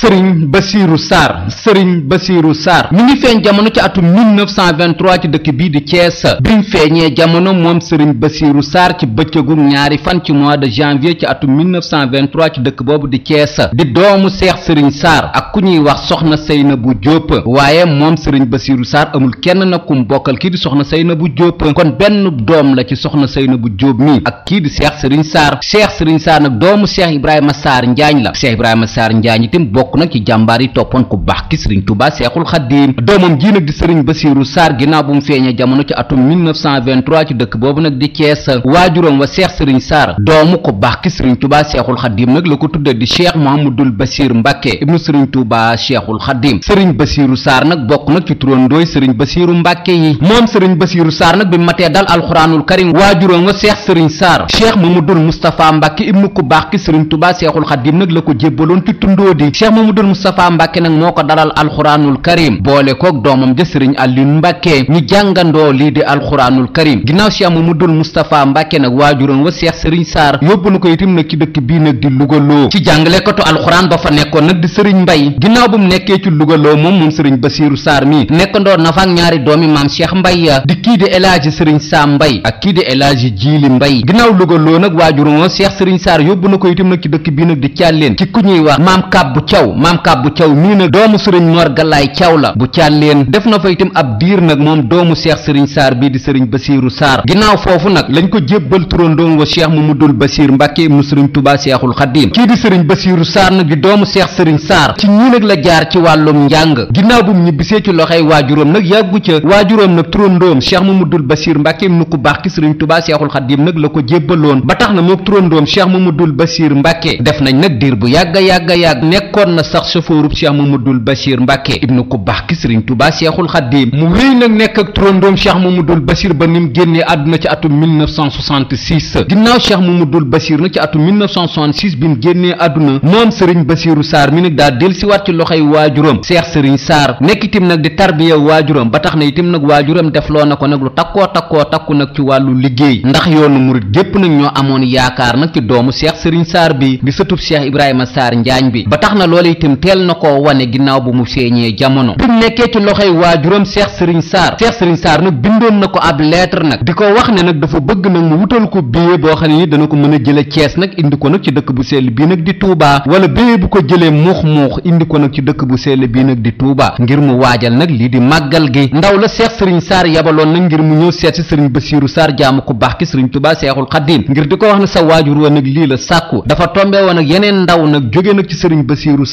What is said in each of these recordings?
sëriñ Basiiru Saar sëriñ Basiiru Saar mi ngi feeñ jamono ci atum 1923 ci dëkk bii di Thiès biñ feeñee jamono moom sëriñ Basiiru Saar ci bëccëgu ñaari fan ci mois de janvier ci atum 1923 ci dëkk boobu di Thiès di doomu seex sëriñ Saar ak ku ñuy wax soxna bu Diop waaye moom sëriñ Basiiru Saar amul kenn nag ku mu bokkal kii di soxna bu Diop kon benn doom la ci soxna bu Diop mi ak kii di seex sëriñ Saar seex sëriñ Saar doomu seex Ibrahima Saar Njaañ la seex Ibrahima Saar Njaañ itam bokk bokk nag ci jàmbaar yi toppoon ku baax ki sëriñ Tuubaa Seexul Xaddiim doomam ji nag di sëriñ Basiiru Saar ginnaaw bu mu feeñee jamono ci atum 1923 ci dëkk boobu nag di Cees waajuram wa Seex sëriñ Saar doomu ku baax ki sëriñ Tuubaa Seexul Xaddiim nag la ko tudde di Cheikh Mahamadul Basiir Mbàkke ibnu sëriñ Tuubaa Seexul Xaddiim sëriñ Basiiru Saar nag bokk nag ci turandooy sëriñ Basiiru Mbàkke yi moom sëriñ Basiiru Saar nag bi matee dal alxuraanul karim waajuram wa Seex sëriñ Saar Cheikh Mahamadul Mustapha Mbàkke ibnu ku baax ki sëriñ Tuubaa Seexul Xaddiim nag la ko jébbaloon ci tundoo di Mamadul Moustapha Mbàkke nag moo ko dalal alxuraanul karim boole koog doomam ja sëriñ Aliou Mbàkke ñu jàngandoo lii di alxuraanul karim ginnaaw Cheikh Mamadul Moustapha Mbàkke nag waajuroon wa Cheikh Sëriñ Saar yóbbu na ko itam nag ci dëkk bii nag di lugaloo ci jàngalekatu alxuraan ba nekkoon nag di sëriñ Mbay ginnaaw bu mu nekkee ci lugaloo moom moom sëriñ Basiiru Saar mi nekkandoo na fa ñaari doomi maam Cheikh Mbay ya di kii di El Hadji sëriñ Saam ak kii di El Hadji Jiili Mbay ginnaaw lugaloo nag waajuroon wa Cheikh Sëriñ Saar yóbbu na ko itam nag ci dëkk bii nag di càlleen ci ku ñuy wax maam Kàbbu Caw Thiaw maam Kàbbu Thiaw mii nag doomu sëriñ Mor Galaay Thiaw la bu càlleen def na fa itam ab diir nag moom doomu Cheikh Sëriñ Saar bii di Sëriñ Basiiru Saar ginnaaw foofu nag lañ ko jébbal turandoom wa Cheikh Mamadul Basiir Mbàkke ibnu Sëriñ Tubaa Seexul Xadiim kii di Sëriñ Basiiru Saar nag di doomu Cheikh Sëriñ Saar ci ñii nag la jaar ci wàllum njàng ginnaaw bu mu ñibbisee ci loxoy waajuróom nag yàggu ca waajuróom nag turandoom Cheikh dul Basiir Mbàkke ibnu ku baax ki Sëriñ Tubaa Seexul Xadiim nag la ko jébbaloon ba tax na mook turandoom Cheikh Mamadul Basiir Mbàkke def nañ nag diir bu yàgga yàgg nekkoon na sax chauffeurub cheikh mamadul bachir mbàkke ibnu ku bax ki sëriñ tubaa seexul xaddiim mu wéy nag nekk ak turandoom cheikh mamadul bachir ba nim génnee àdduna ci atum 1966 ginnaaw cheikh mamadul bachir nag ci atum 1966 bi mu génnee àdduna moom sëriñ basiru saar mi nag daa delsiwaat ci loxoy waajuram seex sëriñ saar nekk nag di tarbiya waajuram ba tax na itam nag waajuram defloo na ko nag lu takkoo takkoo takku nag ci wàllu liggéey ndax yoonu murit gépp nag ñoo amoon yaakaar nag ci doomu seex sëriñ saar bi di sëtub cheikh ibrahima saar njaañ na loolu loola itam teel na koo wane ginnaaw bu mu feeñee jamono bi mu nekkee ci loxoy waajuram Seex Sëriñ Saar Seex Sëriñ Saar nag bindoon na ko ab lettre nag di ko wax ne nag dafa bëgg nag mu wutal ko billet boo xam ne ni dana ko mën a jële Cees nag indi ko nag ci dëkk bu sell bii nag di Touba wala billet bu ko jëlee muux muux indi ko nag ci dëkk bu sell bii nag di Touba ngir mu waajal nag lii di màggal gi ndaw la Seex Sëriñ Saar yabaloon nag ngir mu ñëw seet si Sëriñ Basiiru Saar jaamu ku baax ki Sëriñ Touba Seexul Xadiim ngir di ko wax ne sa waajur wa nag lii la sàkku dafa tombe woon nag yeneen ndaw nag jóge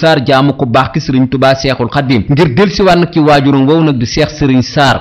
Saar jaamu ku baax ki sëriñ tubaa seexul xadim ngir del si waat nag ci waajuram wow nag di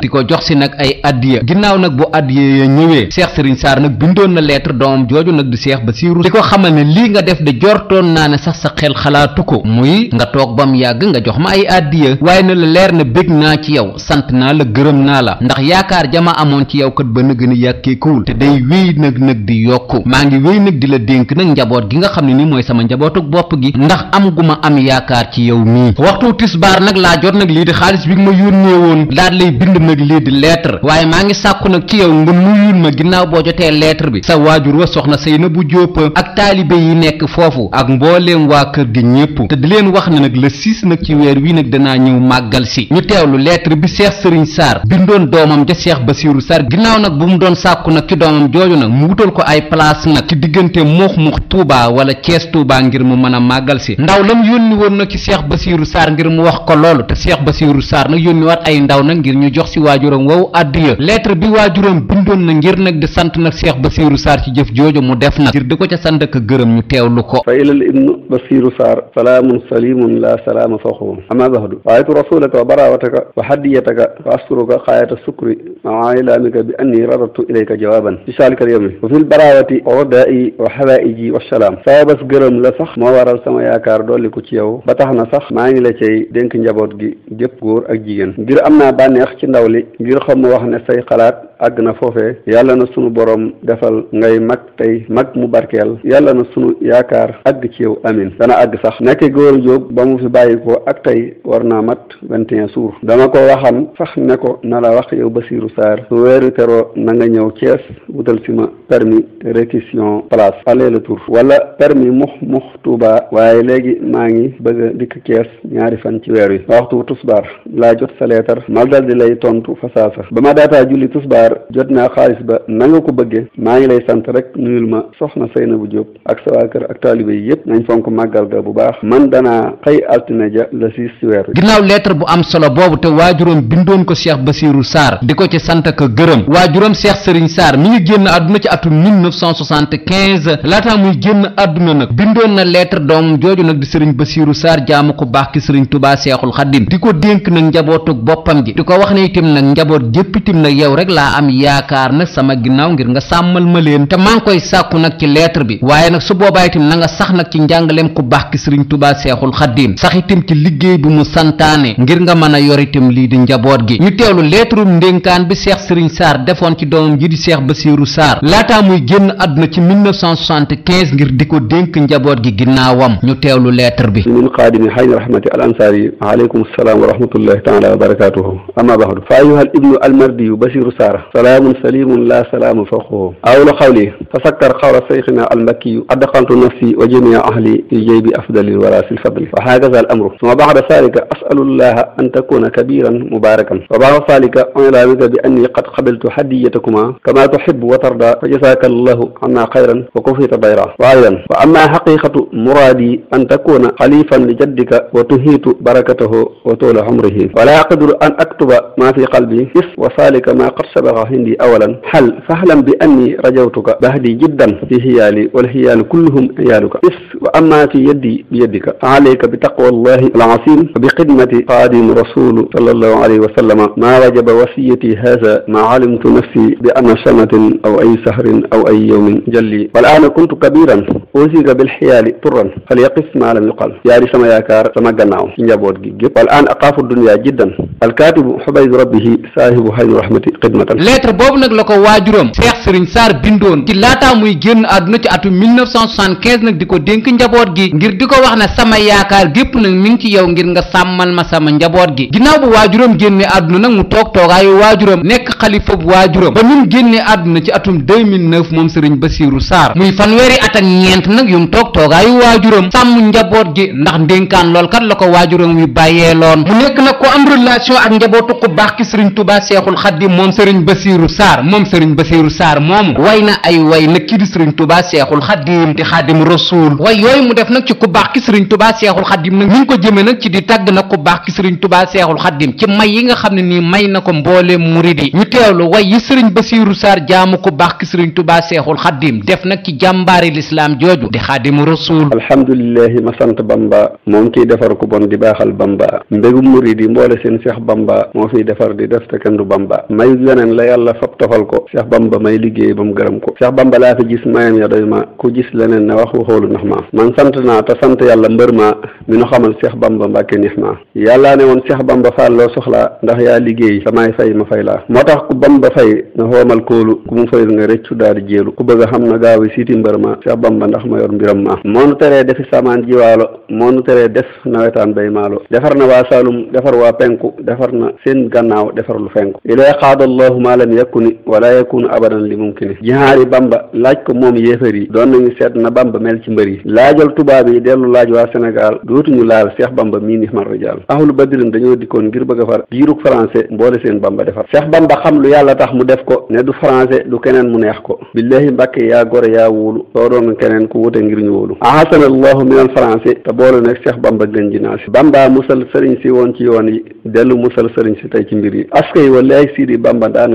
di ko jox si nag ay addiya ginnaaw nag bu addiya ya ñëwee seex sëriñ Saar nag bindoon na lettre doomam jooju nag seex Basiiru di ko xamal ne lii nga def de jortoon naa ne sax sa xel xalaatu ko muy nga toog ba mu yàgg nga jox ma ay addiya waaye na la leer na bég naa ci yow sant naa la gërëm naa la ndax yaakaar jama amoon ci yaw kat ba na gën a yàkkeekuwul te day wéy nag nag di yokku maa ngi wéy nag di la dénk nag njaboot gi nga xam ne ni mooy sama njabootuk bopp gi ndax am gu ma am yaakaar ci yow mii waxtu tisbaar nag laa jot nag lii di xaalis bi nga ma yónnee woon daal lay bind nag lii di lettre waaye maa ngi sàkku nag ci yow nga nuyul ma ginnaaw boo jotee lettre bi sa waajur wa soxna Seynabou Diop ak taalibe yi nekk foofu ak mbooleem waa kër gi ñépp di leen wax ne nag le nag ci weer wi nag danaa ñëw màggal si ñu teewlu lettre bi Cheikh Serigne Sarr bindoon doomam ja Cheikh Bassirou sar ginnaaw nag bu mu doon sàkku nag ci doomam jooju nag mu wutal ko ay place nag ci diggante muux muux Touba wala cees Touba ngir mu mën a màggal si ndaw lam yónni yónni woon na ci Cheikh Bassirou Sarr ngir mu wax ko loolu te Cheikh Bassirou Sarr nag yónniwaat ay ndaw nag ngir ñu jox si waajuram wow addiya lettre bi waajuram bindoon na ngir nag di sant nag Cheikh Bassirou Sarr ci jëf jooju mu def nag ngir di ko ca sant ak gërëm ñu teewlu ko fa ilal ibnu Bassirou Sarr salaamun salimun la salaama fawqahu ama bahdu waaytu rasulaka wa barawataka wa hadiyataka wa asturuka xaayata sukri maa a bi anni radatu a jawaaban fi saalikal yawmi wa fil barawati rodai wa xawaaiji wa salaam sababas gërëm la sax moo waral sama yaakaar dolli ko yow ba tax na sax maa ngi la cay dénk njaboot gi gépp góor ak jigéen ngir am naa bànneex ci ndaw li ngir xam wax ne say xalaat àgg na foofee yàlla na sunu boroom defal ngay mag tey mag mu barkeel yàlla na sunu yaakaar àgg ci yow amin dana àgg sax nekk góor jóob ba mu fi bàyyi ko ak tey war naa mat vingt et dama ko waxan sax ne ko na la wax yow Basiiru Saar su weeru teroo nanga nga ñëw Cees wutal si ma permi réquisition place aller le tour wala permi mux mux Tuuba waaye léegi maa ngi bëgg dikk Cees ñaari fan ci weer wi waxtu tusbaar laa jot sa leetar ma dal lay tontu fasaasa ba Sarr jot naa xaalis ba na nga ko bëggee maa ngi lay sant rek nuyul ma soxna Seynabou Diop ak sa kër ak taalibe yi yëpp nañ fonk màggal ga bu baax man danaa xëy altine ja la siis si weer ginnaaw lettre bu am solo boobu te waajuróom bindoon ko Cheikh Bassirou saar di ko ci sant ak gërëm waajuróom Cheikh Serigne saar mu ngi génn àdduna ci atum 1975 laataa muy génn àdduna nag bindoon na lettre doom jooju nag di Serigne Bassirou saar jaamu ko baax ki Serigne Touba Cheikhoul Khadim di ko dénk nag di ko wax ne itam nag njaboot gépp itam nag yow rek laa am yaakaar nag sama ginnaaw ngir nga sàmmal ma leen te maa ngi koy sàkku nag ci lettre bi waaye nag su boobaa itam na nga sax nag ci njàngaleem ku baax ki sëriñ tubaa seexul xaddiim sax itam ci liggéey bi mu santaane ngir nga mën a yor itam lii di njaboot gi ñu teewlu lettre um ndénkaan bi seex sëriñ saar defoon ci doomam ji di seex basiiru saar laataa muy génn àdduna ci 1975 ngir di ko dénk njaboot gi ginnaawam ñu teewlu lettre bi min xaadimi xayni rahmati al ansaari aleykum al ibnu almardiyu salaamun salimun la salaama fawqahu awlu xawli tasakkar xawla sayxina almakkiyu adqantu nafsi wa jamia ahli fi jaybi afdalil wara sil fadli wa hakaza al amru suma baxda salika asalullaha an takuna kabiran mubarakan wa baxda salika ulamika bi anni qad qabiltu hadiyyatakuma kama tuhibu wa tarda fa jasaka allahu anna xayran wa kufita dayra wa aydan wa amma xaqiqatu muraadi an takuna xalifan li jaddika wa tuhiitu barakatahu wa toola umrihi wala aqdiru an aktuba ma fi qalbi is wa salika ma qad saba بلغ عندي أولا حل فاعلم بأني رجوتك بهدي جدا في هيالي والهيال كلهم عيالك إف وأما في يدي بيدك عليك بتقوى الله العظيم وبخدمة قادم رسول صلى الله عليه وسلم ما وجب وصيتي هذا ما علمت نفسي بأن سنة أو أي سهر أو أي يوم جلي والآن كنت كبيرا أوزيك بالحيال طرا فليقف ما لم يقل yaari sama yaakaar sama gannaaw ci njaboot gi gépp wal aan aqaafu dunia jiddan alkaatibu xubaydu rabbihi saahibu hayru rahmati xidmatan lettre boobu nag la ko waajuram Cheikh Serigne Sarr bindoon ci laataa muy génn àdduna ci atum 1975 nag di ko dénk njaboot gi ngir di ko wax ne sama yaakaar gépp nag mi ngi ci yow ngir nga sàmmal ma sama njaboot gi ginnaaw ba waajuram génne àdduna nag mu toog toogaayu waajuram nekk xalifa bu waajuram ba ñun génne àdduna ci atum 2009 moom Serigne Bassirou Sarr muy fanweeri at ak ñeent nag yu mu toog toogaayu waajuram sàmm njaboot gi ndax ndénkaan lool kat la ko waajuram wi bàyyee loon mu nekk nag ko am relation ak njabootu ku baax ki Serigne Touba Cheikhoul Khadim moom Serigne Basiiru Saar moom sëriñ Basiiru Saar moomu way na ay way nag kii di sëriñ Tuubaa Seexul Xadiim di Xaadimu Rasuul way yooyu mu def nag ci ku baax ki sëriñ Tuubaa Seexul Xadiim nag mi ngi ko jëmee nag ci di tàgg nag ku baax ki sëriñ Tuubaa Seexul Xadiim ci may yi nga xam ne nii may na ko mboole murid yi ñu teewlu way yi sëriñ Basiiru Saar jaamu ku baax ki sëriñ Tuubaa Seexul Xadiim def nag ci jàmbaari lislaam jooju di Xaadimu Rasuul alhamdulilahi ma sant Bamba moom kiy defar ku bon di baaxal Bamba mbégu murid yi mboole seen Seex Bamba moo fiy di def te na yàlla fab tofal ko Cheikh Bamba may liggéey ba mu gërëm ko Cheikh Bamba laa fi gis mayam ya doy ma ku gis leneen ne wax waxoolu nax ma man sant naa te sant yàlla mbër ma mi nu xamal Cheikh Bamba Mbàkke neex ma yàllaa ne woon Cheikh Bamba Fall loo soxla ndax yaa liggéey samay fay ma fay laa moo tax ku Bamba fay na xoomal kóolu ku mu fayul nga rëccu daal di jéelu ku bëgg a xam na gaaw yi siiti mbër ma Cheikh Bamba ndax ma yor mbiram ma moo nu teree defi samaan jiwaalo moo nu teree defar na waa Saalum defar waa penku defar na seen gannaaw defar lu fenku ma lam yakuni wala yakunu abadan li mumkini jihaari bamba laaj ko moom yéefar yi doon nañu seet na bamba mel ci mbër yi laajal tubaab yi dellu laaj waa sénégal dootuñu laal seex bamba mii ni mar rijal ahlu badrin dañoo dikkoon ngir bëgg a far biiruk français mboole seen bamba defar seex bamba xam lu yàlla tax mu def ko ne du français du keneen mu neex ko billahi mbàkke yaa gore yaa wóolu soo doon keneen ku wute ngir ñu wóolu a minal français te boole nag seex bamba gën ji naa si bamba musal sëriñ woon ci yoon yi dellu musal sëriñ si tey ci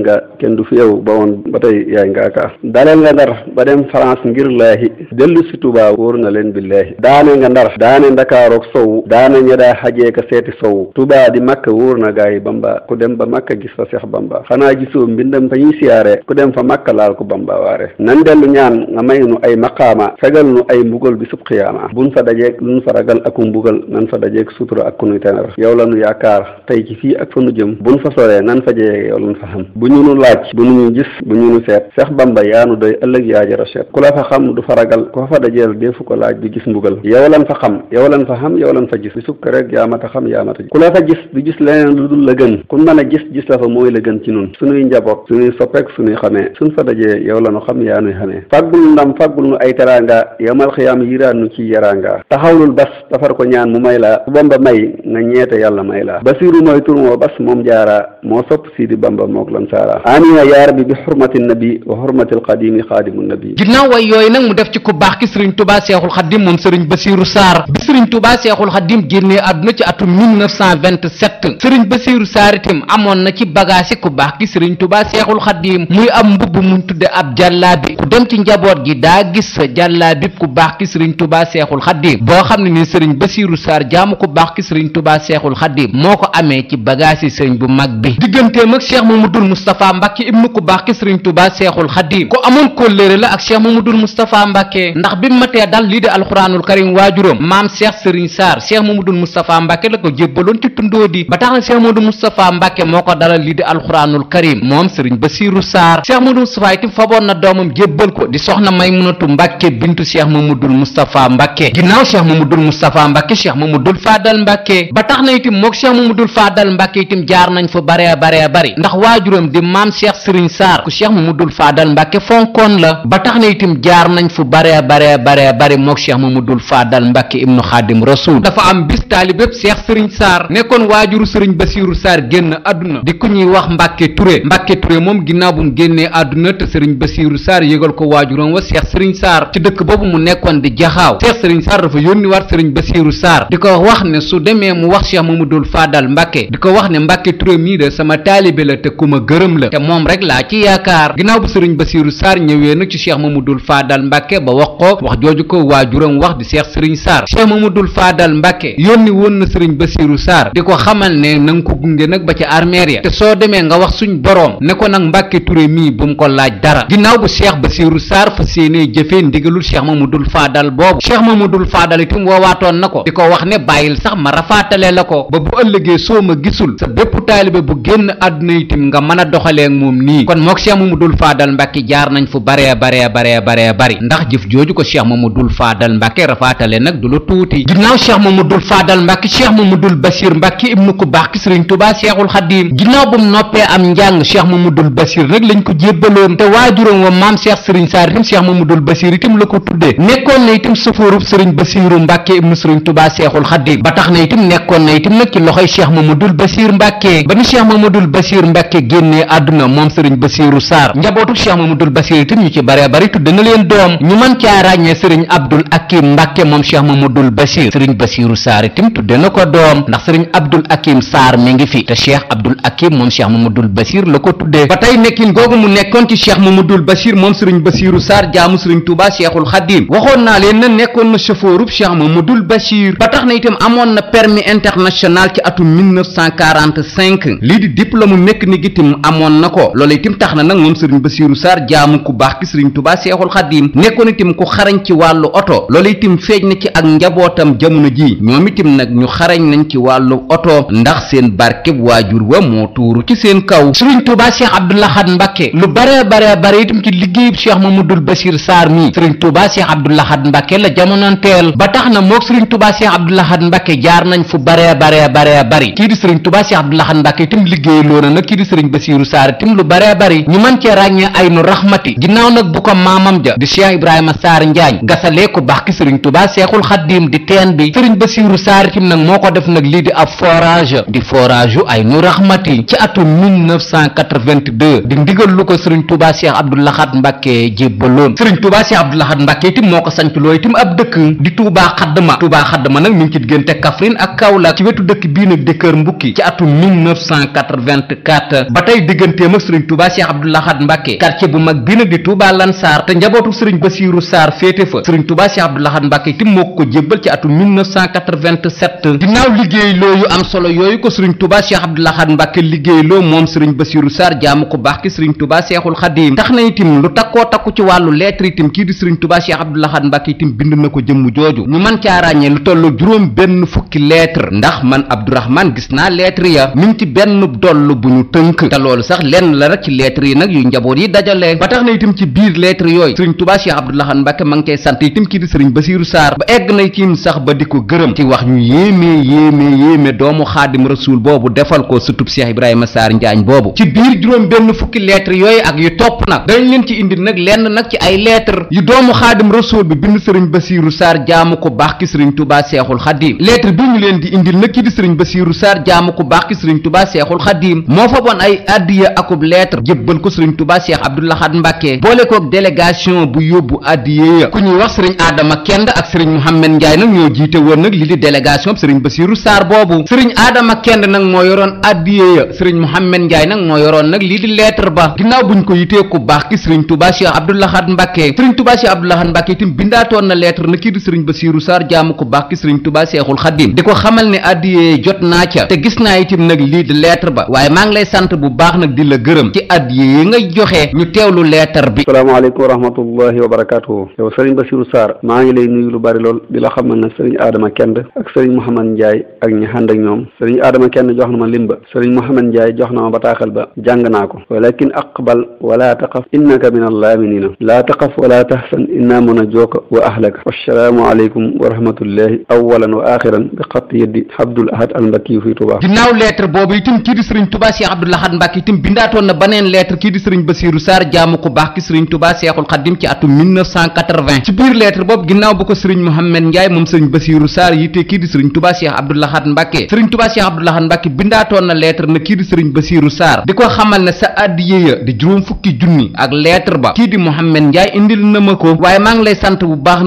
daan nga kenn du fi yow ba woon ba tey yaay ngaa kaa daleel nga ndar ba dem France ngir laahi dellu si Tuubaa wóor na leen billaahi daane nga ndar daane ndakaaroog sow daane ña daa xajee ka seeti sow Tuubaa di Makka wóor na gaa yi Bamba ku dem ba makk gis fa Seex Bamba xanaa gisoo mbindam fa ñuy siyaare ku dem fa Makka laal ko Bamba waare nan dellu ñaan nga may nu ay maqaama fegal nu ay mbugal bi sub xiyaama bu fa dajeeg luñ fa ragal aku mbugal fa dajeeg ak ku nuy tenar yow la nu yaakaar tey ci fii ak fa nu jëm buñ fa soree nan fa bu ñu nu laaj bu ñu gis bu ñu nu seet Seex Bamba yaanu doy ëllëg yaa jara seet ku la fa xam du fa ragal ko fa dajeel deefu ko laaj du gis mbugal yow lan fa xam yow lan fa xam yow lan fa gis a xam yaa a gis ku la fa gis du la gën ku mën a gis gis la fa mooy la gën ci nun suñuy njaboot suñuy soppeek suñuy xamee suñ fa dajee yow la nu xam yaa nuy xamee fàggul ndam fàggul nu ay teraanga yamal xiyaam yiraan nu ci yaraanga taxawlul bas dafar ko ñaan mu may la ku Bamba may nga ñeete yàlla may la basiru mooy tur moo bas moom jaara moo taala amina yaa rabbi wa yooyu nag mu def ci ku baax ki sëriñ tubaa seexul xadim moom sëriñ basiiru saar bi sëriñ tubaa seexul xadim génnee àdduna ci atum 1927 sëriñ basiiru saar itam amoon na ci bagaasi ku baax ki sëriñ tubaa seexul xadim muy am mbubb muñ tudde ab jàllaabi ku dem ci njaboot gi daa gis sa jàllaabi ku baax ki sëriñ tubaa seexul xadim boo xam ne ni sëriñ basiiru saar jaamu ku baax ki sëriñ tubaa seexul xadim moo ko amee ci bagaasi sëriñ bu mag bi digganteem ak cheikh mamadul mustafa Moustapha Mbacke ibnu ku baax ki Serigne Touba Cheikhoul Khadim ko amoon kóllëre la ak Cheikh Mamadou Moustapha Mbacke ndax bi mu matee dal lii di alxuraanul karim waajuram maam Cheikh Serigne Sarr Cheikh Mamadou Moustapha Mbacke la ko jébbaloon ci tundoo di ba tax na Cheikh Mamadou Moustapha Mbacke moo ko dalal lii di alxuraanul karim moom Serigne Bassirou Sarr Cheikh Mamadou Moustapha itam faboon na doomam jébbal ko di soxna Maymunatu Mbacke bintu Cheikh ma Moustapha Mbacke ginnaaw Cheikh Mamadou Moustapha Mbacke Cheikh Mamadou Fadal Mbacke ba tax na itam mook Cheikh Mamadou Fadal Mbacke itam jaar bi maam cheikh sëriñ saar ku cheikh mamadul faadal mbàkke fonkoon la ba tax na itam jaar nañ fu bare bare bare bare mook cheikh mamadul faadal mbàkke ibnu xaadim rasul dafa am bis taalibépp cheikh sëriñ saar nekkoon waajuru sëriñ basiiru saar génn àdduna di ku ñuy wax mbàkke ture mbàkke ture moom ginnaaw bu mu génnee àdduna te sëriñ basiiru saar yégal ko waajuram wa cheikh sëriñ saar ci dëkk boobu mu nekkoon di jaxaaw cheikh sëriñ saar dafa yónniwaat sëriñ basiiru saar di ko wax ne su demee mu wax cheikh mamadul faadal mbàkke di ko wax ne mbàkke ture mii de sama taalibe la te ku ma gërëm yéeneem la te moom rek laa ci yaakaar ginnaaw bu sëriñ Basiiru Sarr ñëwee nag ci Cheikh Mamadou Fadal Mbacke ba wax ko wax jooju ko waajuram wax di Cheikh Sëriñ Sarr Cheikh Mamadou Fadal Mbacke yónni woon di ko xamal ne na nga ko gunge nag ba ci armeer ya te soo demee nga wax suñ boroom ne ko nag Mbacke Touré mii bu mu ko laaj dara ginnaaw bu Cheikh Basiiru Sarr fa séenee jëfee ndigalul Cheikh Mamadou Fadal boobu Cheikh Mamadou Fadal itam woowaatoon na ko di ko wax ne bàyyil sax ma rafaatale la ko ba sa bépp taalibe bu génn àdduna a doxalee ak moom nii kon mook cheikh mamadul faadal mbàkke jaar nañ fu baree baree baree baree bari ndax jëf jooju ko cheikh mamadul faadal mbàkke rafaatale nag du lu tuuti ginnaaw cheikh mamadul faadal mbàkke cheikh mamadul basir mbàkke ibnu ku baax ki sëriñ tubaa seexul xadiim ginnaaw bu mu noppee am njàng cheikh mamadul basir nag lañ ko jébbaloon te waajuram wa maam cheikh sëriñ saar itam cheikh mamadul basir itam la ko tuddee nekkoon na itam sëfóorub sëriñ basiru mbàkke ibnu sëriñ tubaa seexul xadiim ba tax na itam nekkoon na itam nag ci loxoy cheikh mamadul basir mbàkke ba ni cheikh mamadul basir mbàkke génnee àdduna moom sëriñ Basiiru Saar njabootu Cheikh Mamadul Basiir itam ñu ci bare bari tudd na leen doom ñu mën caa ràññee sëriñ Abdul Akim Mbàkke moom Cheikh Mamadul Basiir sëriñ Basiiru Saar itam tudde na ko doom ndax sëriñ Abdul Akim Saar mi ngi fi te Cheikh Abdul Akim moom ma Mamadul Basiir la ko tuddee ba tey nekkin googu mu nekkoon ci Cheikh Mamadul Basiir moom sëriñ Basiiru Saar jaamu sëriñ Tuubaa Cheikhul Xadim waxoon naa leen na nekkoon na chauffeurub Cheikh Mamadul Basiir ba tax na itam amoon na permis international ci atum 1945 lii di diplôme mécanique itam amoon na ko loola itam tax na nag moom sëriñ Basiiru Saar jaamu ku baax ki sëriñ Tubaa Seexul Xadiim nekkoon itam ku xarañ ci wàllu oto loola itam feeñ na ci ak njabootam jamono ji ñoom itam nag ñu xarañ nañ ci wàllu oto ndax seen barkeb waajur wa moo tuuru ci seen kaw sëriñ Tubaa Seex Abdou Lahad Mbàkke lu bare bare bare itam ci liggéeyub Seex Mamadul Basiir Saar mi sëriñ Tubaa Seex Abdou Lahad Mbàkke la jamonoonteel ba tax na mook sëriñ Tubaa Seex Abdou Lahad Mbàkke jaar nañ fu bare bare bare bari kii di sëriñ Tubaa Seex Abdou Mbàkke itam Mansour Sarr tim lu baree bari ñu mën cee ràññee ay nu raxmati ginnaaw nag bu ko maamam ja di Cheikh a Sarr Njaañ gasalee ku baax ki sëriñ Tuubaa Seexul Xaddiim di teen bi sëriñ Basiiru Sarr itim nag moo ko def nag lii di ab forage di forage yu ay nu raxmati ci atum 1982 di ndigal lu ko sëriñ Tuubaa Cheikh Abdou Lahad Mbacke jébbaloon sëriñ Tuubaa Cheikh Abdou Lahad itim moo ko sanc loo itim ab dëkk di Tuubaa Xaddama Tuubaa Xaddama nag mi ci diggante Kaffrine ak digganteem ak sëriñ Touba Cheikh Abdou Lahad Mbacke quartier bu mag bi nag di Touba Lansar te njabootu sëriñ Bassirou Sarr féete fa sëriñ Touba Cheikh Abdou Lahad Mbacke itam moo ko jébbal ci atu 1987 ginnaaw liggéey loo yu am solo yooyu ko sëriñ Touba Cheikh Abdou Lahad Mbacke liggéey loo moom sëriñ Bassirou Sarr jaamu ko baax ki sëriñ Touba Cheikhul Khadim tax na itam lu takkoo takku ci wàllu lettre itam kii di sëriñ Touba Cheikh Abdou Lahad Mbacke itam bind na ko jëmm jooju ñu mën caa ràññee lu tollu benn fukki lettre ndax man Abdourahmane gis naa lettre ya mi ngi ci benn doll bu ñu tënk te loolu loolu sax lenn la rek ci lettre yi nag yu njaboot yi dajale ba tax na itam ci biir lettre yooyu sëriñ Tuubaa Cheikh Abdou Lahad Mbacké ma ngi cay sant itam kii di sëriñ Basiiru Saar ba egg na ci sax ba di ko gërëm ci wax ñu yéemee yéemee yéemee doomu xaadim rasuul boobu defal ko sutub Cheikh Ibrahima Saar Njaañ boobu ci biir juróom benn fukki lettre yooyu ak yu topp nag dañ leen ci indi nag lenn nag ci ay lettre yu doomu xaadim rasuul bi bind sëriñ Basiiru Saar jaamu ko baax ki sëriñ Tuubaa Seexul Xadiim lettre bi ñu leen di indil nag kii di sëriñ Basiiru Saar jaamu ko baax ki sëriñ Tuubaa Seexul Xadiim moo fa bon ay addiya akub lettre jébbal ko sëriñ Tuubaa Cheikh Abdou Lahad Mbacke boole kook délégation bu yóbbu addiya ku ñuy wax sëriñ Adama Kend ak sëriñ Mouhamed Ndiaye nag ñoo jiite woon nag li di délégation sëriñ Bassirou Sarr boobu sëriñ Adama Kend nag moo yoroon addiya sëriñ Mouhamed Ndiaye nag moo yoroon nag lii di lettre ba ginnaaw buñ ko yitee ku baax ki sëriñ Tuubaa Cheikh Abdou Lahad Mbacke sëriñ Tuubaa Cheikh Abdou Lahad Mbacke na lettre na kii di sëriñ Bassirou Sarr jaamu ko xamal ne addiya jot naa ca te gis naa itam nag lii di lettre nag di la gërëm ci at yi nga joxe ñu teewlu leetar bi salaamaaleykum wa rahmatullahi wa barakatuhu yow sëriñ Basiru Sarr maa ngi lay nuyu lu bari lool di la xamal ne sëriñ Adama Kend ak sëriñ Mouhamad Ndiaye ak ñi ànd ak ñoom sëriñ Adama Kend jox na ma limba sëriñ Mouhamad Ndiaye jox na ma bataaxal ba jàng naa ko walakin aqbal wala taqaf innaka min allaaminiina laa taqaf wala tahzan innaa munajjuuka wa ahlaka wassalaamu aleykum wa rahmatullahi awalan wa axiran bi xat yeddi Abdoul Ahad al Mbackiyu fi Touba ginnaaw lettre boobu itam kii di sëriñ Touba Cheikh Abdoul Ahad Mbackiyu bindaatoon na baneen lettre kii di sëriñ Basiiru Saar jaamu ku baax ki sëriñ Tuubaa Seexul Xaadim ci atum ci biir lettre boobu ginnaaw bu ko sëriñ Mohamed Ndiaye moom sëriñ Basiiru Saar yittee kii di sëriñ Tuubaa Seex Abdou Mbàkke sëriñ Tuubaa Seex Abdou Mbàkke bindaatoon na lettre na kii di sëriñ Basiiru Saar di ko xamal ne sa addiyeeya di juróom fukki junni ak lettre ba kii di Mohamed Ndiaye indil na ma ko waaye maa ngi lay sant bu baax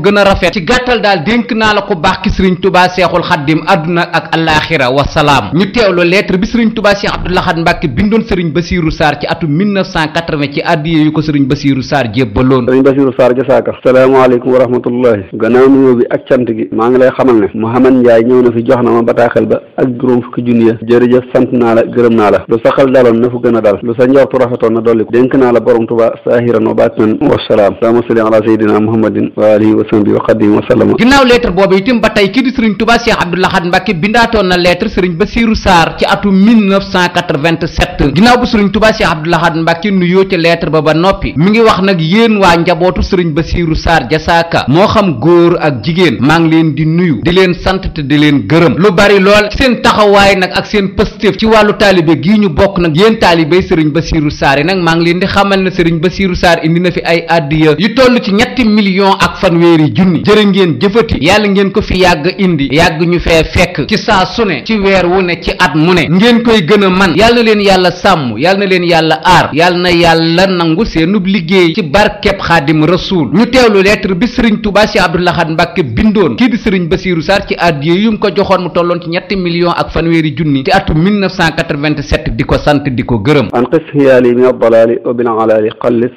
a a ci gàttal daal dénk naa la ko baax ki sëriñ tubaa seexul xaddim àdduna ak alaxira wasalaam ñu teewlu lettre bi sëriñ tubaa seex abdul ahad mbàkke bindoon sëriñ basiiru saar ci atum 1980 ci addiye yu ko sëriñ basiiru saar jébbaloon sëriñ basiiru saar jasaaka salaamaaleykum wa rahmatullahi gannaaw nuyoo bi ak cant gi maa ngi lay xamal ne Mouhamad Ndiaye ñëw na fi jox na ma bataaxel ba ak juróom fukki junniya jërëjëf naa la la lu sa xel daloon na fu gën a na dolli ko dénk naa la borom tubaa saahiran wa wa salama ginnaaw lettre boobu itam ba tey kii di sëriñ Touba Cheikh Abdou Lahad Mbacké bindaatoon na lettre sëriñ Bassirou Sarr ci atum ginnaaw bu sëriñ Touba Cheikh Abdou Lahad Mbacké nuyoo ca lettre ba ba noppi mi ngi wax nag yéen waa njabootu sëriñ Bassirou Sarr jasaaka moo xam góor ak jigéen maa ngi leen di nuyu di leen sant te di leen gërëm lu bari lool seen taxawaay nag ak seen pëstéef ci wàllu taalibe gii ñu bokk nag yéen taalibey sëriñ Bassirou Sarr sa nag maa ngi leen di xamal ne sëriñ Bassirou Sarr indi na fi ay addiya mi jërë ngeen jëfati yàlla ngeen ko fi yàgg indi yàgg ñu fee fekk ci saa su ne ci weer wu ne ci at mu ne ngeen koy gën a man yàlla leen yàlla sàmm yàlla na leen yàlla aar yàlla na yàlla nangu seenub liggéey ci barkeb xaadim rasuul ñu teewlu lettre bi sëriñ Tuubaa si Abdou Lahad Mbàkke bindoon kii di sëriñ Basiiru Saar ci addiya yu mu ko joxoon mu tolloon ci ñetti millions ak fanweeri junni ci atum 1987 di ko sant di ko gërëm an qis hiyaali min addalaali wa bil alaali qallis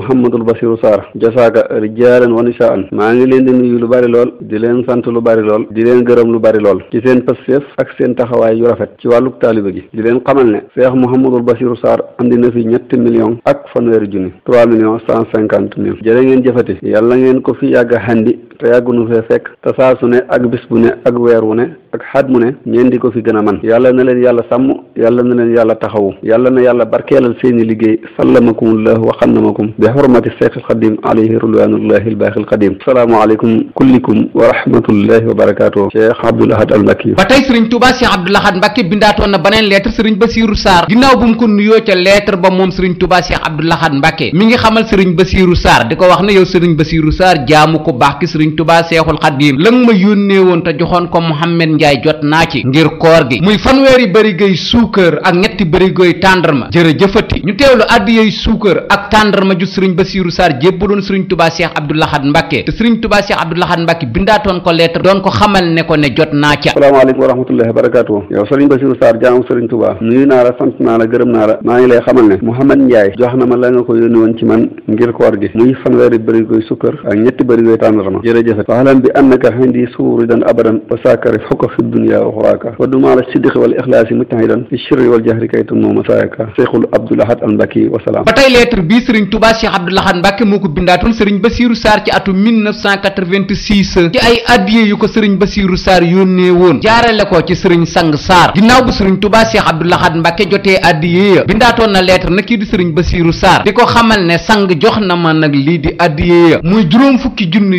Mouhamadul Basiru Sarr jasaaka rijaalan wa nisaan maa ngi leen di nuyu lu bari lool di leen sant lu bari lool di leen gërëm lu bari lool ci seen passeef ak seen taxawaay yu rafet ci wàlluk taaliba gi di leen xamal ne Cheikh Mouhamadul Basiru Sarr andi na fi ñetti million ak fanweeri junni trois millions cent cinquante mille jërë ngeen jëfati yàlla ngeen ko fi yàgg a xandi te yàggunu fee fekk te saa su ne ak bis bu ne ak weer wu ne ak xaat mu ne ñeen di ko fi gën a man yàlla na leen yàlla sàmm yàlla na leen yàlla taxawu yàlla na yàlla barkeelal seeni liggéey sallamakumullahu wa xannamakum bi xurmati cheikh alxadim alayhi ridwanullahi albaaxi alxadim asalaamaaleykum kullikum wa rahmatullahi wa barakatuh cheikh abdoul ahad al mbakki ba tey sëriñ touba cheikh abdoul ahad mbakki bindaatoon na baneen lettre sëriñ basiiru saar ginnaaw bu mu ko nuyoo ca lettre ba moom sëriñ touba cheikh abdoul ahad mbakki mi ngi xamal sëriñ basiiru saar di ko wax ne yow sëriñ basiiru saar jaamu ko baax ki sëriñ touba cheikhul xadim la nga ma njaay jot naa ci ngir koor gi muy fanweeri bërigëy suukar ak ñetti bërigëy tàndarma jërëjëfati ñu teewlu addiyey suukar ak tàndarma ju sëriñ Basiiru Saar jébbaloon sëriñ Tubaa Seex Abdou Lahad Mbàkke te sëriñ Tubaa Seex Abdou Mbàkke bindaatoon ko lettre doon ko xamal ne ko ne jot naa ca asalaamaaleykum wa rahmatullahi wa barakatuh yow sëriñ Basiiru Saar jaamu sëriñ Tubaa nuyu naa la sant naa la gërëm naa la maa ngi lay xamal ne Mouhamad Njaay jox na ma la nga ko yónni woon ci man ngir koor gi muy fanweeri bërigëy suukar fi dunya oxraaka wa duma ala siddiqi wal ixlaasi mujtahidan fi shirri wal kay tum mooma saayaka cheikhul abdoulahat al mbaki wasalaam ba tey lettre bii sëriñ tubaa cheikh abdoulahat mbàkke moo ko bindaatoon sëriñ basiiru saar ci atum 1986 ci ay addiye yu ko sëriñ basiiru saar yónnee woon jaarale ko ci sëriñ sang saar ginnaaw bu sëriñ tubaa cheikh abdoulahat mbàkke jotee addiye bindaatoon na lettre di sëriñ basiiru saar di ko na ma nag lii di addiye ya muy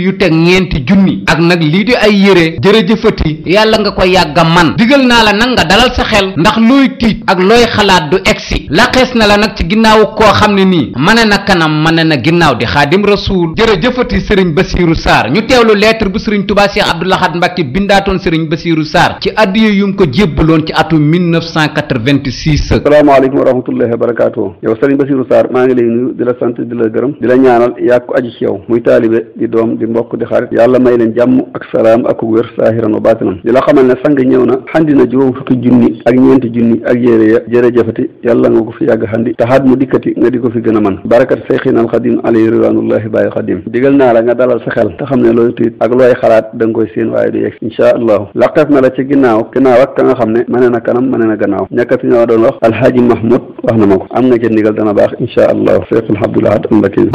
yu teg ñeenti junni ak nag lii di ay yére jërëjëfati nga ko yàgg a man digal naa la nan nga dalal sa xel ndax looy tiit ak looy xalaat du egsi laqees na la nag ci ginnaaw koo xam ne nii mane na kanam mane na ginnaaw di xaadim rasuul jërëjëfati sëriñ basiiru saar ñu teewlu lettre bu sëriñ tubaa seex abdul ahad mbàkke bindaatoon sëriñ basiiru saar ci addiye yum ko jébbaloon ci atum 1986 asalaamaaleykum wa rahmatullahi wa barakaatu yow sëriñ basiiru saar maa ngi lay nuyu di la sant di la gërëm di la ñaanal yàgg ko aju ci yow muy taalibe di doom di mbokk yàlla may leen jàmm ak salaam xamal ne sang ñëw na xandi na juróom fukki junni ak ñeenti junni ak yére ya jërëjëfati yàlla nga ko fi yàgg xandi taxaat mu dikkati nga di ko fi gën a man barakat seyxin alxadim alayhi ridwanullahi bàyyi xadim digal naa la nga wax na ma am nga ca ndigal dana baax insha allahu seyxul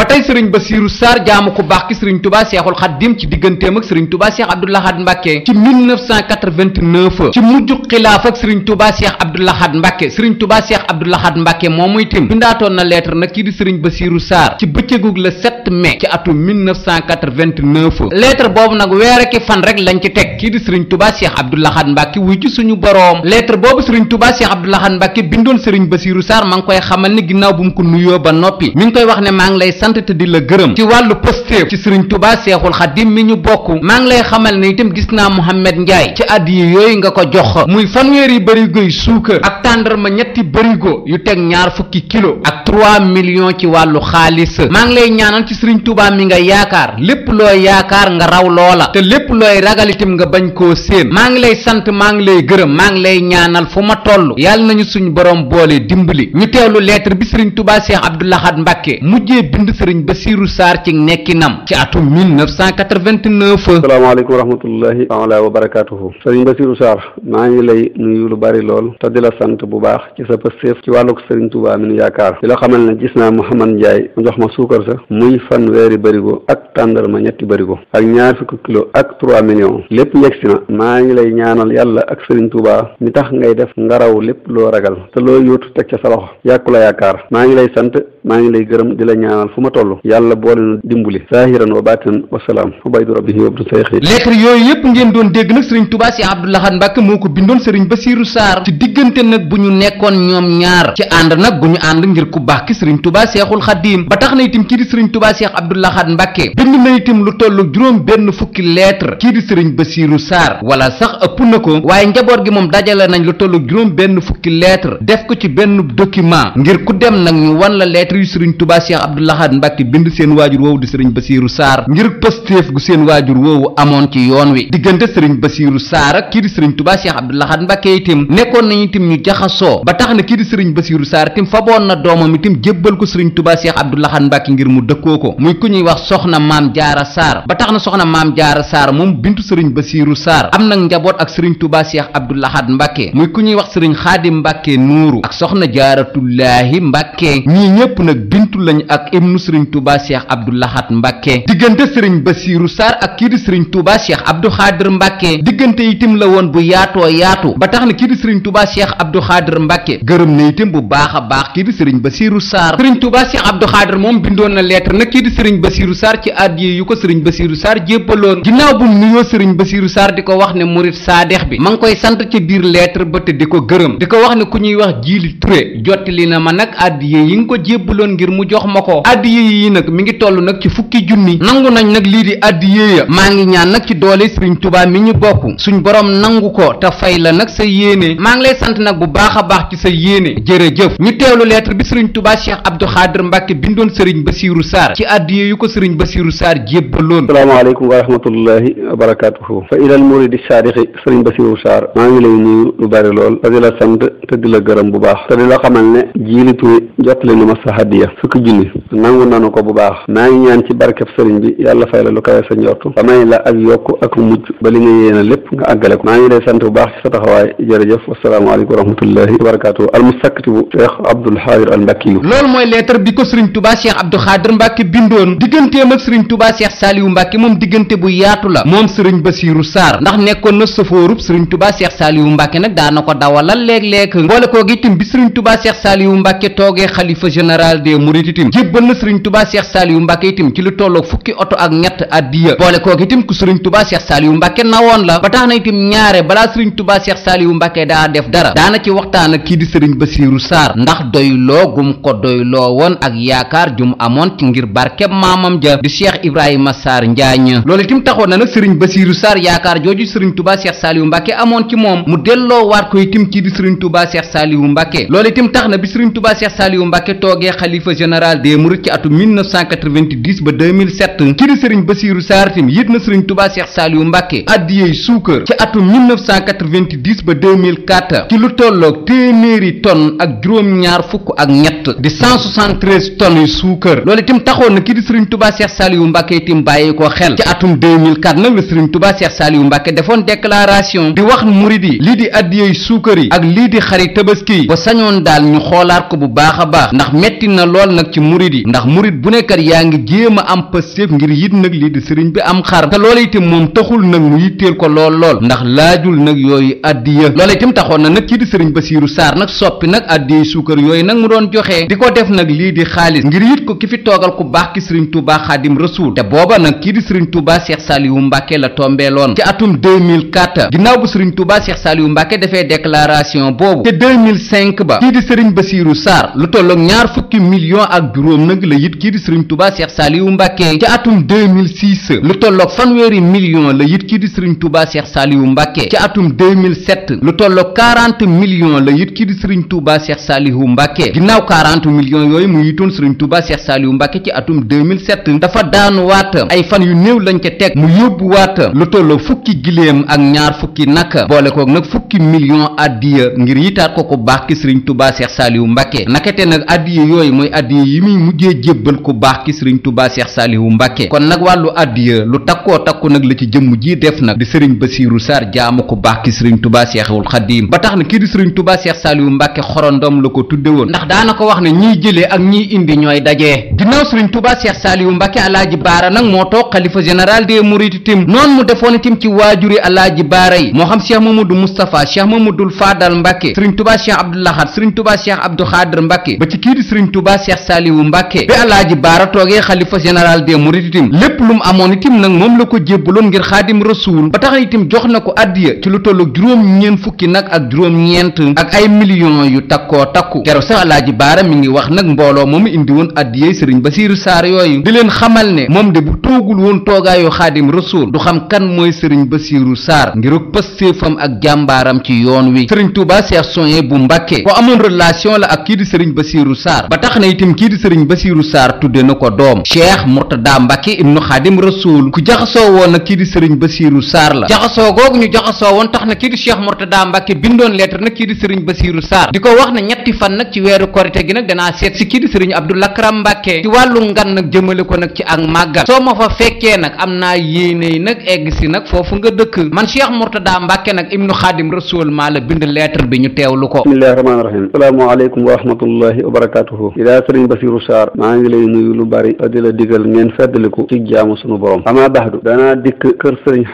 ba tey sëriñ basiru saar jaamu ko baax ki sëriñ tubaa seexul xadim ci digganteem ak sëriñ tubaa seex abdulahad mbàkke ci 1980 quatre-vingt-neuf ci mujj xilaaf ak sëriñ tubaa cheikh abdoulahat mbàkke sëriñ tubaa cheikh abdoulahat mbàkke moo muy tim bindaatoon na nag kii di sëriñ basiiru saar ci bëccëgug le 7 mai ci atum 1989 lettre boobu nag weere ki fan rek lañ ci teg kii di sëriñ tubaa cheikh abdoulahat mbàkke wuy ci suñu boroom lettre boobu sëriñ tubaa cheikh abdoulahat mbàkke bindoon sëriñ basiiru saar ma ngi koy xamal ni ginnaaw bu mu ko nuyoo ba noppi mi ngi koy wax ne maa ngi sant te di la gërëm ci wàllu posté ci sëriñ tubaa seexul xadim mi ñu bokk maa ngi lay xamal ne itam gis naa mohammed njaay addiya yooyu nga ko jox muy fanweeri bërigo yu suukar ak tàndarma ñetti bërigo yu teg ñaar fukki kilo ak 3 millions ci wàllu xaalis maa ngi lay ñaanal ci sëriñ Tuubaa mi nga yaakaar lépp looy yaakaar nga raw loola te lépp looy ragal itam nga bañ koo séen maa ngi lay sant maa ngi lay gërëm maa ngi lay ñaanal fu ma toll yàlla nañu suñ borom boole dimbali ñu teewlu lettre bi sëriñ Tuubaa Seex Abdou Lahad Mbàkke mujjee bind ba Basiiru Saar ci nekkinam ci atum 1989 salaamaaleykum wa rahmatullahi taala wa barakaatuhu sëriñ Basiru Saar maa ngi lay nuyu lu bari lool te di la sant bu baax ci sa pëstéef ci wàllug sëriñ Tuubaa mi nu yaakaar di la xamal ne gis naa Mouhamad Ndiaye mu jox ma suukar sa muy fanweeri barigo ak tàndarma ñetti barigo ak ñaar fukki kilo ak trois millions lépp yegsi na maa ngi lay ñaanal yàlla ak sëriñ Tuubaa mi tax ngay def ngaraw lépp loo ragal te loo yóotu teg ca sa loxo yàkku la yaakaar maa ngi lay sant maa ngi lay gërëm di la ñaanal fu ma toll yàlla boole dimbali zaahiran wa baatinan wa salaam ubaydu rabbihi wa abdu sayxi lettre yooyu yëpp Touba Cheikh Abdou Lahad Mbacke moo ko bindoon sëriñ Bassirou Sarr ci diggante nag bu ñu nekkoon ñoom ñaar ci ànd nag ñu ànd ngir ku baax ki sëriñ Touba Cheikhul Khadim ba tax na itam kii di sëriñ Touba Cheikh Abdou Lahad Mbacke bind na itam lu toll juróom benn fukki lettre kii di sëriñ Bassirou saar wala sax ëpp na ko waaye njaboot gi moom dajale nañ lu toll juróom benn fukki lettre def ko ci benn document ngir ku dem nag ñu wan la lettre yu sëriñ Touba Cheikh Abdou Lahad Mbacke bind seen waajur woowu di sëriñ Bassirou saar ngir pëstéef gu seen waajur woowu amoon ci yoon wi diggante sëriñ Bassirou Sarr Sarr ak kii di sëriñ Tuubaa Cheikh Abdou Lahad Mbacke nekkoon nañu itam ñu jaxasoo ba tax na kii di sëriñ Basiiru Sarr itam faboon na doomam itam jébbal ko sëriñ Tuubaa Cheikh Abdou Lahad Mbacke ngir mu dëkkoo ko muy ku ñuy wax soxna maam jaara Sarr ba tax na soxna maam jaara Sarr moom bintu sëriñ Basiiru Sarr am nag njaboot ak sëriñ Tuubaa Cheikh Abdou Lahad Mbacke muy ku ñuy wax sëriñ Xaadim Mbacke Nuuru ak soxna jaaratullaahi Mbacke ñii ñëpp nag bintu lañ ak ibnu sëriñ Tuubaa Cheikh ak kii di sëriñ Tuubaa Cheikh Abdou Xaadir Mbacke diggante itam la woon bu yaatoo yaatu ba tax na kii di sëriñ Touba Cheikh Abdou Khadir Mbacke gërëm na itam bu baax a baax kii di sëriñ Basirou Sarr sëriñ Touba Cheikh Abdou Khadir moom bindoon na lettre nag kii di sëriñ Basirou Sarr ci addiye yu ko sëriñ Basirou Sarr jébbaloon ginnaaw bu nuyoo sëriñ Basirou Sarr di ko wax ne murit saadex bi ma ngi koy sant ci biir lettre ba te di ko gërëm di ko wax ne ku ñuy wax jiili Touré jottali na ma nag addiye yi nga ko jébbaloon ngir mu jox ma ko addiye yi nag mi ngi toll nag ci fukki junni nangu nañ nag lii di addiye ya maa ngi ñaan nag ci suñ borom nangu ko te fay la nag sa yéene maa ngi lay sant nag bu baax a baax ci sa yéene jërëjëf ñu teewlu lettre bi sëriñ Touba Cheikh Abdou Khadre Mbacke bindoon sëriñ Bassirou Sarr ci addiye yu ko sëriñ Bassirou Sarr jébbaloon salaamaaleykum wa rahmatullahi wa barakatuhu fa ilal muridi saadiqi sëriñ Bassirou Sarr maa ngi lay nuyu lu bari lool te di la sant te di la gërëm bu baax te di la xamal ne jiili Touré jottali na ma sa hadiya fukki junni nangu nanu ko bu baax maa ngi ñaan ci barkeb sëriñ bi yàlla fay la lu kawe sa njortu damay la ak yokk ak mujj ba li nga yéena lépp nga àggale maa ngi lay sant bu baax ci sa taxawaay jërëjëf wasalaamaaleykum wa rahmatullahi wa barakatuh almustaktibu cheikh abdul xaadir al mbàkki yu loolu mooy lettre bi ko sëriñ tubaa cheikh abdou xaadir mbàkke bindoon digganteem ak sëriñ tubaa cheikh saaliwu mbàkke moom diggante bu yaatu la moom sëriñ basiiru ndax nekkoon na safoorub sëriñ tubaa cheikh saaliwu mbàkke nag daana ko dawalal léeg-léeg mboole koo gi itam bi sëriñ tubaa cheikh saaliwu mbàkke toogee xalifa général des mourides itam jébbal na sëriñ tubaa cheikh saaliwu mbàkke itam ci lu tolloo fukki oto ak ñett addiya boole koo gi itam ku sëriñ tubaa cheikh saaliwu mbàkke nawoon la ba tax na itam ñaare balaa sëriñ tubaa seex saaliwu mbàkke daa def dara daana ci waxtaan a kii di sëriñ basiiru saar ndax doyloo gum ko doyloo woon ak yaakaar jum amoon ci ngir barkeb maamam ja di cheikh ibrahima saar njaañ lool itam taxoon na nag sëriñ basiiru saar yaakaar jooju sëriñ tubaa seex saaliwu mbàkke amoon ci moom mu delloo waat ko itam kii di sëriñ tubaa seex saaliwu mbàkke lool itam tax na bi sëriñ tubaa seex saaliwu mbàkke toogee xalifa général des mourides ci atum 1990 ba 2007 kii di sëriñ basiiru saar itam yit na sëriñ tubaa seex ci atum 1990 ba 2004 ci lu tolloog téeméeri tonnes ak juróom-ñaar fukk ak ñett di 173 tonnes yu suukar loolu itam taxoon na kii di Serigne Touba Cheikh Saliou Mbacke itam bàyyi ko xel ci atum 2004 nag la Serigne Touba Cheikh Saliou Mbacke defoon déclaration di wax murid yi lii di addiyey suukar yi ak lii di xari tabaski yi ba sañoon daal ñu xoolaat ko bu baax a baax ndax metti na lool nag ci murid yi ndax murid bu nekkat yaa ngi jéem am pëstéef ngir yit nag lii di sëriñ bi am xar te loolu itam moom taxul nag mu yitteel ko lool ndax laajul nag yooyu addiya loola itam taxoon na nag kii di sëriñ Basiiru Saar nag soppi nag addiya suukar yooyu nag mu doon joxe di ko def nag lii di xaalis ngir it ko ki fi toogal ku baax ki sëriñ Touba Xaadim Rasuul te booba nag kii di sëriñ Touba Seex wu Mbàkke la tombeeloon ci atum 2004 ginnaaw bu sëriñ Touba Seex Saaliwu Mbàkke defee déclaration boobu te 2005 ba kii di sëriñ Basiiru Saar lu tolloog ñaar fukki million ak juróom nag it kii di sëriñ Touba Seex Saaliwu Mbàkke ci atum 2006 lu tolloog fanweeri million la it kii di sëriñ Touba Saliou Mbacke ci atum 2007 lu tolloo 40 millions la it kii di Serigne Touba Cheikh Saliou Mbacke ginnaaw 40 millions yooyu mu yitoon Serigne Touba Cheikh Saliou Mbacke ci atum 2007 dafa daanuwaat ay fan yu néew lañ ca teg mu yóbbuwaat lu tolloo fukki giléem ak ñaar fukki nag boole nag fukki millions addiya ngir yitaat ko ko baax ki Serigne Touba Cheikh Saliou Mbacke nakete nag addiya yooyu mooy addiya yi muy mujjee jébbal ku baax ki Serigne Touba Cheikh Saliou Mbacke kon nag wàllu addiya lu takkoo takku nag la ci jëmm ji def nag di Serigne Bassirou Bassirou Sarr jaamu ko baax ki sëriñ tubaa seexul xaddiim ba tax na kii di sëriñ tubaa seex saaliwu mbàkke xorondom la ko tudde woon ndax daana ko wax ne ñiy jëlee ak ñiy indi ñooy dajee ginnaaw sëriñ tubaa seex saaliwu mbàkke alaaji baara nag moo toog xalifa général des mourides tim noonu mu defoon itam ci waajuri alaaji baara yi moo xam ba ci kii di bi alaaji baara toogee xalifa général des mourides tim lépp lu amoon itim nag moom la ko jébbaloon ngir xaadim rasuul ba tax itim jox na ko addiya ci lu tollu juróom-ñeent fukki nag ak juróom-ñeent ak ay millions yu takkoo takku kero sax alaaji baaram mi ngi wax nag mbooloo moom indi woon addiyey sëriñ basiiru saar yooyu di leen xamal ne moom de bu toogul woon toogaayu xaadim rasuul du xam kan mooy sëriñ basiiru saar ngir ngirug pëstéefam ak jàmbaaram ci yoon wi sëriñ tuuba seex soye bu mbàkke ko amoon relation la ak kii di sëriñ ba siiru saar ba tax na itam kii di sëriñ basiiru saar tudde na ko doom cheikh murtada mbàkke ibnu xaadim rasuul ku jaxasoo woon nag kii di sëriñ basiiru saar la jaxasoo googu ñu jaxasoo woon tax na kii di Cheikh Mourtada Mbacke bindoon lettre nag kii di Serigne Bassirou Sarr di ko wax ne ñetti fan nag ci weeru korite gi nag dana seet si kii di Serigne Abdou Lakram Mbacke ci wàllu ngan nag jëmale ko nag ci ak màggal soo ma fa fekkee nag am naa yéene yi nag egg si nag foofu nga dëkk man Cheikh Mourtada Mbacke nag Ibnu Xaadim Rasul maa la bind lettre bi ñu teewlu ko bismillahi rahmaani rahim asalaamaaleykum wa rahmatullahi wa barakatuhu idaa Serigne Bassirou Sarr maa ngi lay nuyu lu bari di la digal ngeen feddaliku ci jaamu sunu borom amaa baxdu dikk kër Serigne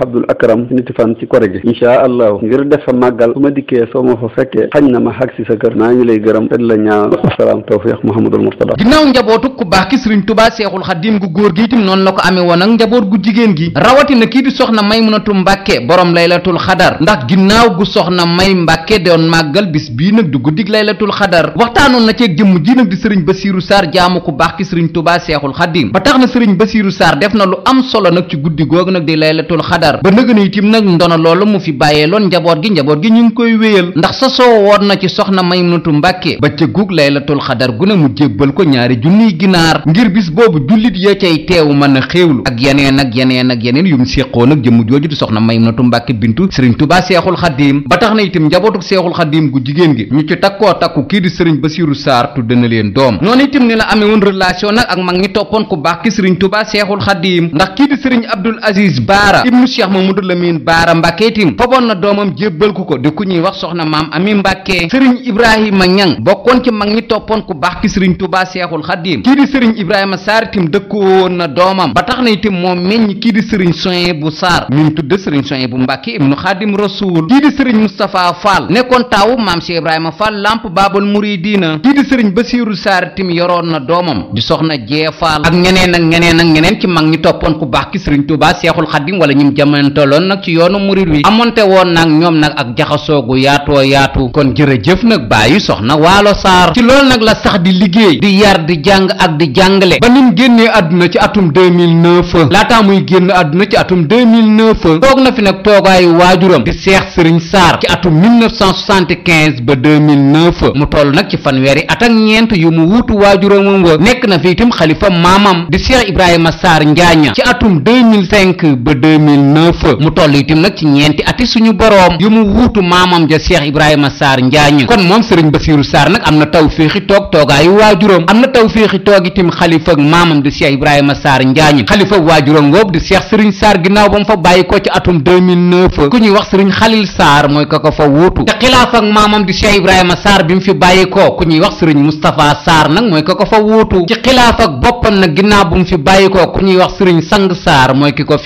fan ci kore gi incha allahu ngir def fa màggal su ma dikkee soo ma fa fekkee xañ na ma xag si sa kër maa ngi lay gërëm te la ñaanal asalaam tawfiq Mouhamadul Mourtada ginnaaw njabootu ku baax ki sëriñ tubaa seexul xadim gu góor gi itam noonu la ko amee woon ak njaboot gu jigéen gi rawatina kii di soxna Maymunatu Mbàkke borom laylatul xadar ndax ginnaaw gu soxna may mbàkke doon màggal bis bii nag du guddig laylatul xadar waxtaanoon na ceeg jëmm ji nag di sëriñ Basiiru Saar jaamu ku baax ki sëriñ tubaa seexul xadim ba tax na sëriñ Basiiru Saar def na lu am solo nag ci guddi googu nag di ndono loolu mu fi bàyyeeloon njaboot gi njaboot gi ñu ngi koy wéyal ndax sa soo woon na ci soxna Maymunatu Mbàkke ba ca guug laylatul xadar gu ne mu jébbal ko ñaari junniy ginaar ngir bis boobu jullit ya cay teew mën a xéewlu ak yeneen ak yeneen ak yeneen yu mu séqoon ak jëmm jooju di soxna Maymunatu Mbàkke bintu sëriñ Tuubaa Seexul Xadiim ba tax na itam njabootuk Seexul Xadiim gu jigéen gi ñu ci takkoo takku kii di sëriñ Basiiru Saar tudd na leen doom noonu itam ni la amee woon relation nag ak mag ñi toppoon ku baax ki sëriñ Tuubaa Seexul Xadiim ndax kii di sëriñ Abdul Aziz Baara ibnu Cheikh Mamadou Baara Mbàkke itim foboon na doomam jébbal ku ko di ku ñuy wax soxna maam ami Mbàkke sëriñ Ibrahima Ñang bokkoon ci mag ñi toppoon ku baax ki sëriñ Tuubaa Seexul Xadiim kii di sëriñ ba tax na itim moom meññ kii di sëriñ Soye bu Saar mi mu tudde sëriñ bu Mbàkke ibnu Xaadim Rasuul kii di sëriñ Moustapha nekkoon taawu maam Cheikh Ibrahima Fall lamp baabal muridiina kii na doomam di soxna Jee Fall ak ñeneen ak ñeneen ak ñeneen ci mag ñi toppoon ku baax ki sëriñ Tuubaa Seexul Xadiim wala ñim jamono nag ci yoon yoonu murit wi amonte woon nag ñoom nag ak jaxasoogu yaatoo yaatu kon jërëjëf nag bàyyi soxna waalo saar ci loolu nag la sax di liggéey di yar di jàng ak di jàngale ba nim génnee àdduna ci atum 2009 laataa muy génn àdduna ci atum 2009 toog na fi nag toogaayu waajuram di seex sëriñ saar ci atum 1975 ba 2009 mu toll nag ci fanweeri at ak ñeent yu mu wuutu waajuramam wa nekk na fi itam xalifa maamam di seex ibrahima saar njaaña ci atum 2005 ba 2009 mu toll itam nag ci ñeenti ati suñu boroom yu mu wuutu maamam ja Cheikh Ibrahima Sarr Njaañ kon moom sëriñ Basiiru Sarr nag am na taw féexi toog toogaayu waajuróom am na taw féexi toog itam xalifa ak maamam di Cheikh Ibrahima saar Njaañ xalifa waajuróom boobu di Cheikh Sëriñ Sarr ginnaaw ba mu fa bàyyi ko ci atum 2009 ku ñuy wax sëriñ Xalil Sarr mooy ko ko fa wuutu te xilaaf ak maamam di Cheikh Ibrahima Sarr bi mu fi bàyyi ko ku ñuy wax sëriñ Moustapha Sarr nag mooy ko boppam nag ginnaaw bu mu fi bàyyi ko ku ñuy wax sëriñ saar mooy ko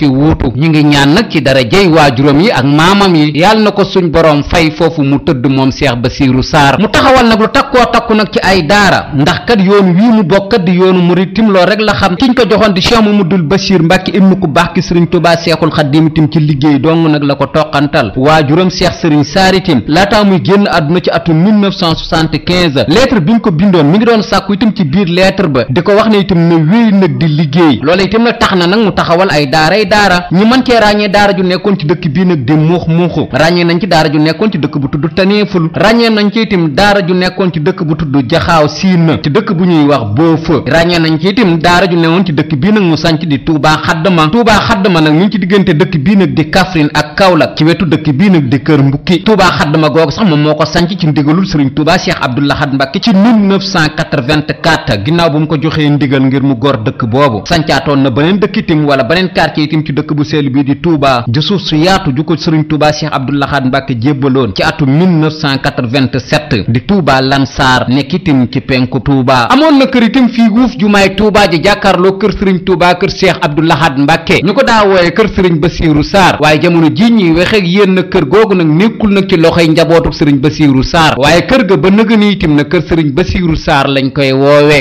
ngi ñaan nag ci dara jëy waajuram yi ak maamam yi yàlla na ko suñ boroom fay foofu mu tëdd moom seex basiiru saar mu taxawal nag lu takkoo takku nag ci ay daara ndax kat yoon wii mu bokkat di yoonu murit tim loo rek la xam kiñ ko joxoon di cheikh mamadul basiir mbàkke ibnu ku baax ki sëriñ tubaa seexul xaddim tim ci liggéey dong nag la ko toqantal waajuram seex sëriñ saar itim laataa muy génn àdduna ci atum 1975 lettre bi ñu ko bindoon mi ngi doon sàkku itam ci biir lettre ba di ko wax ne itam na wéy nag di liggéey loola itam nag tax na nag mu taxawal ay daaray daara ñi man cee ràññee daara ju nekkoon ci dëkk bii nag di muux muuxu ràññee nañ ci daara ju nekkoon ci dëkk bu tudd taneeful ràññee nañ ci itam daara ju nekkoon ci dëkk bu tudd jaxaaw siin ci dëkk bu ñuy wax boofa ràññee nañ ci itam daara ju woon ci dëkk bii nag mu sanc di tuubaa xaddama tuubaa xaddama nag ñu ci diggante dëkk bii nag di Kaffrine ak Kaolack ci wetu dëkk bii nag di kër mbukki tuubaa xaddama googu sax moom moo ko sanc ci ndigalul sëriñ tuubaa cheikh abdoulahad mbàkke ci 1984 ginnaaw bu mu ko joxee ndigal ngir mu gor dëkk boobu sancaatoon na beneen dëkk itim wala beneen quartier itim ci dëkk bu sell bii di Touba ja suuf su yaatu ju ko sëriñ Touba Cheikh Abdoul Ahad Mbacke jébbaloon ci atu 1987 di Touba Lansar nekk itim ci penku Touba amoon na kër itim fii wuuf jumaay Touba ji jàkkaarloo kër sëriñ Touba kër Cheikh Abdoul Ahad ñu ko daa wooye kër sëriñ Bassirou Sarr waaye jamono jii ñuy waxe ak yéen na kër googu nag nekkul nag ci loxoy njabootu sëriñ Bassirou Sarr waaye kër ga ba nëga ni itim na kër sëriñ Bassirou Sarr lañ koy woowee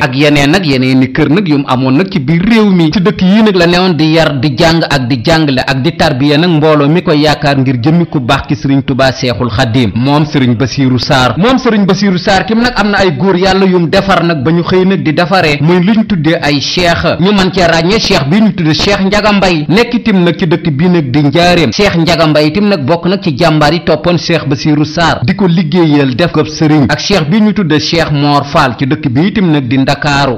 nag yu mu amoon nag ci biir réew mi ci dëkk yii nag la newoon di yar di jàng ak di jàngale ak di tarbiya nag mbooloo mi ko yaakaar ngir jëmmi ku baax ki sëriñ tubaa seexul xaddiim moom sëriñ basiiru saar moom sëriñ basiiru saar tim nag am na ay góor yàlla yu defar nag ba ñu xëy nag di defaree muy li ñu tuddee ay cheikh ñu mën cee ràññee cheikh bi ñu tuddee cheikh njaga mbay nekk tim nag ci dëkk bii nag di njaareem cheikh njaga mbay tim nag bokk nag ci jàmbaar yi toppoon cheikh basiiru saar di ko liggéeyal def ko sëriñ ak cheikh bii ñu tuddee cheikh moor faal ci dëkk bi itim nag di ndakaaru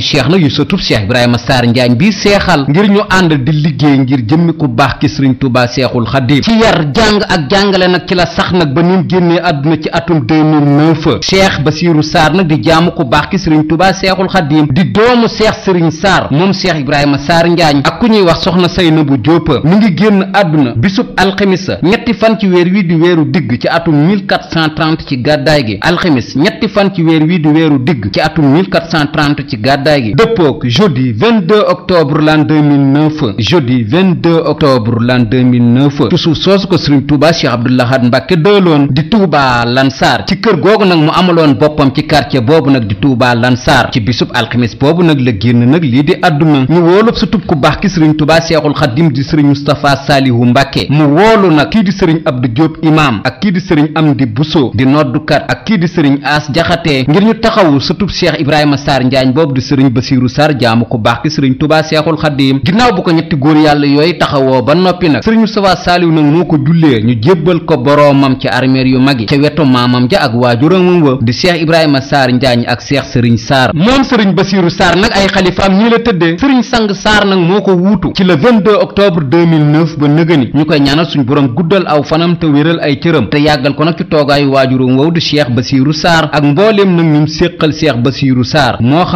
ay cheikh la yu sëtub cheikh Ibrahima Sarr Njaañ bi seexal ngir ñu ànd di liggéey ngir jëmmi ku ki sëriñ Tuubaa Seexul Xadiim ci yar jàng ak jàngale nag ci la sax nag ba nim génnee àdduna ci atum 2009 cheikh Basiiru Sarr nag di jaamu ku baax ki sëriñ Tuubaa Seexul Xadiim di doomu seex sëriñ Sarr moom cheikh Ibrahima saar Njaañ ak ku ñuy wax soxna say Saynabu Jóob mu ngi génn àdduna bisub alxemisa ñetti fan ci weer wi di weeru digg ci atum 1430 ci gàddaay gi alxemis ñetti fan ci weer wi di weeru digg ci atum 1430 ci gàddaay gàddaay gi dëppook jeudi 22 octobre l'an 2009 jeudi l'an 2009 ci suuf soosu ko Serigne Touba Cheikh Abdou Lahad Mbacke dëloon di Touba Lansar ci kër googu nag mu amaloon boppam ci quartier boobu nag di Touba Lansar ci bisub alxames boobu nag la génn nag lii di àdduna ñu wóolub sa ku baax ki Serigne Touba Cheikhul Khadim di Serigne Moustapha Salihu Mbacke mu wóolu nag kii di Serigne Abdou Diop imam ak kii di Serigne Amdi Bousso di noddukat ak kii di Serigne As Jaxate ngir ñu taxawu sa tub sëriñ Basiiru Sarr jaamu ku baax ki sëriñ Tubaa Seexul Xadiim ginnaaw bu ko ñetti góor yàlla yooyu taxawoo ba noppi nag sëriñ Moustapha Saliou nag moo ko jullee ñu jébbal ko boroomam ci armeer yu mag yi ca wetu maamam ja ak waajuramam wa di Cheikh Ibrahima Sarr Njaañ ak Cheikh Sëriñ Sarr moom sëriñ Basiiru Sarr nag ay xalifaam ñii la tëddee sëriñ Sang Sarr nag moo ko wuutu ci le 22 octobre 2009 ba nëgëni ñu koy ñaanal suñ boroom guddal aw fanam te wéral ay cëram te yàggal ko nag ci toogaayu waajuram wow di Cheikh Basiiru Sarr ak mbooleem nag ñum séqal Cheikh Basiiru Sarr moo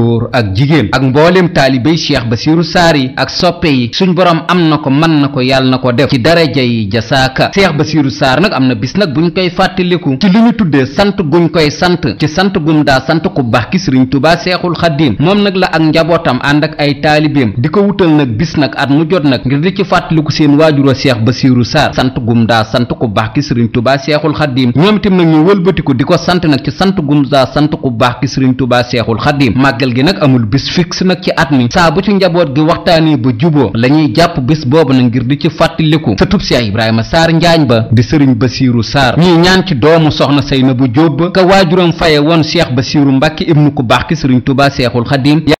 góor ak jigéen ak mboolem taalibey cheikh basiru saar yi ak soppe yi suñ borom am na ko mën na ko yàlla na ko def ci daraja yi jasaaka cheikh basiru saar nag am na bis nag buñ koy fàttaliku ci li ñu tuddee sant guñ koy sant ci sant gum daa sant ku baax ki sëriñ tubaa seexul xaddiim moom nag la ak njabootam ànd ak ay taalibeem di ko wutal nag bis nag at mu jot nag ngir di ci fàttaliku seen a cheikh basiru saar sant gum daa sant ku baax ki sëriñ tubaa seexul xaddiim ñoom itam màggal gi nag amul bés fixe nag ci at ni saa bu ci njaboot gi waxtaanee ba juboo la ñuy jàpp bés boobu nag ngir di ci fàttaliku sa tub siyaay Ibrahima saar Njaañ ba di sëriñ Basiiru Sarr ñuy ñaan ci doomu soxna Seynabu Jóob ba ka waajuram faye woon Cheikh Basiiru Mbàkke ibnu ko baax ki sëriñ Tuubaa Seexul Xadiim